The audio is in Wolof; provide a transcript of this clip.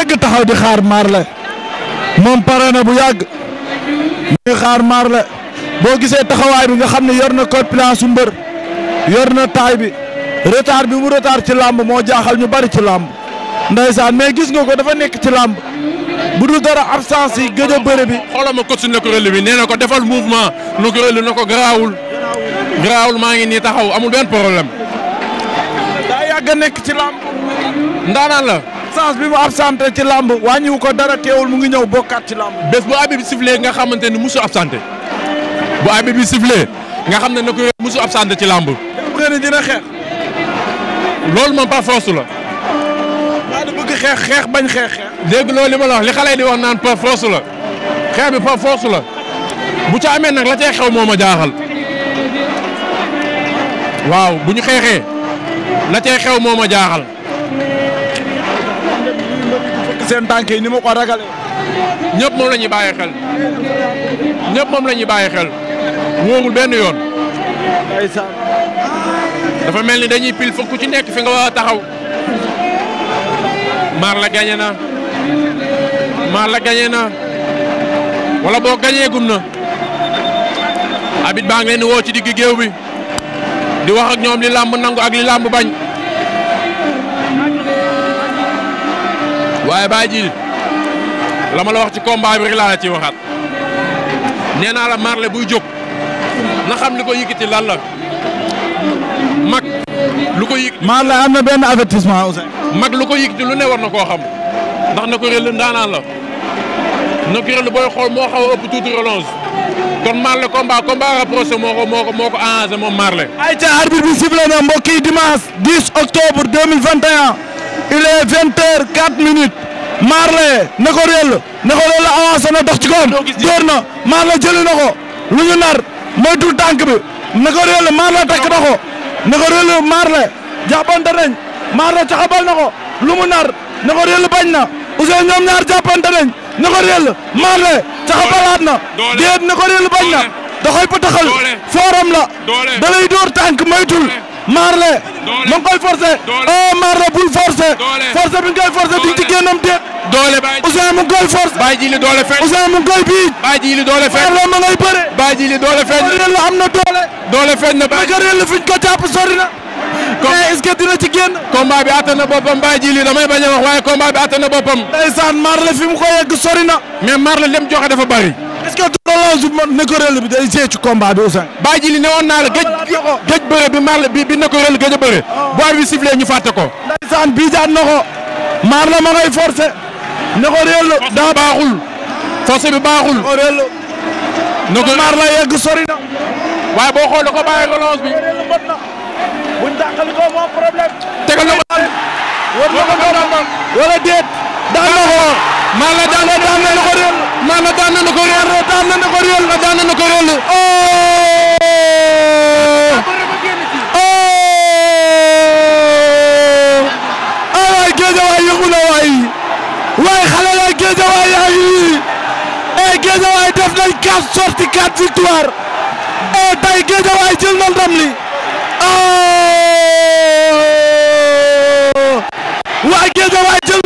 yegg taxaw di xaar Marley moom pare na bu yàgg mu ngi xaar Marley boo gisee taxawaay bi nga xam ne yor na su mbër yor na taay bi retard bi mu retard ci làmb moo jaaxal ñu bari ci làmb ndeysaan mais gis nga ko dafa nekk ci làmb bu dul dara absence yi gëj a bëre bi. xoolal ma coach Ndoukouré bi nee na ko defal mouvement Ndoukouré na ko garaawul garaawul maa ngi nii taxaw amul benn problème. daa yàgg a nekk ci làmb. ndaanaan la. absence bi mu absenté ci làmb wàññiwu ko dara teewul mu ngi ñëw bokkaat ci làmb bés bu abib bi sifflé nga xamante ni musu absenté bu abib bi sifflé nga xam ne na ko musu absenté ci làmb jàpp nga ne loolu la daa bañ xeex xeex dégg li ma li xale di wax naan par force la xeex bi par force la bu ca amee nag la cay xew moo ma jaaxal waaw bu ñu xeexee la cay xew moom a jaaxal seen tànk yi ni ma ko ragale ñépp moom la ñuy xel la ñuy bàyyi xel wóorul benn yoon. dafa mel ni dañuy pil fa ci nekk fi nga war a taxaw. maar la gañe na maar la gañe na wala boo gañee na abit baa ngi leen woo ci digg géew bi di wax ak ñoom li làmb nangu ak li làmb bañ. waaye Baye Djily la ma la wax ci combat bi rek laa la ciy waxaat nee naa la marle buy jóg na xam li ko yëkkati lan la mag lu ko yëg. benn avertissement aussi. mag lu ko yëkkati ne war na koo xam ndax na ko réel ndaanaan la na ko réel booy xool moo xaw a ëpp tuuti relance kon Marley combat combat rapproché moo ko moo ko moo ko arrangé moom Marley. ayca arbitre bi sifflé na mbokk yi dimanche 10 il est vingt heures quatre minutes Marley na ko réel na ko réel avancé na dox ci koom door na Marley jëli na ko lu ñu nar moytu tànk bi na ko réel Marley takk na ko na ko réel Marley jàppante nañ Marley caxabal na ko lu mu nar na ko réel bañ na Ousseyn ñoom ñaar jàppante nañ na ko réel Marley caxabalaat na déet na ko réel bañ na da koy pataxal fooram la da lay door tànk moytul Marley ma ngi koy forcé oh Marley forcer. force bi nga koy forcer duñ ci génnam déet. doole bàyyi Ousseyn mu ngi koy forcer. bàyyi ji li doole feeñ. Ousseyn mu ngi koy biij. bàyyi ji li doole feeñ. Marlon ma ngay bëre. bàyyi ji li doole feeñ. Marlon am na doole. doole feeñ na bàyyi. Maguette la fuñ ko jàpp sori na. comme mais est-ce que dina ci génn. combat bi attan na boppam bàyyi ji li damay bañ a wax waaye combat bi attan na boppam. ndeysaan Marlon fi mu ko yegg sori na. mais Marlon lem joxe dafa bari. est-ce que violence bu Néckorel bi day gée ci combat bi Ousseyn. bàyyi ji li newoon naa la bi Marley bi bi Néckorel a bëre. Oh. ñu fàtte ko. ndeysaan bii daan na ko. Marley ma ngay forcer. Néckorel daa baaxul. force bi baaxul. Néckorel. Néckorel Marley yegg sori na. waaye boo xoolee ko bàyyi relance bi. buñ dàqali ko moom problème. tegal na ko. war na ko wala déet. maa la daan daan na ko maa la daan na daan la daan na ko réel awaay oh! oh! ah, géejawaay yëngu na waay waay xale la géejawaay yaa ngi nii ee eh, géejawaay def nañ quatre sorties quatre victoire ee eh, tey géejawaay jël na ndam li oh! waay géejawaay jël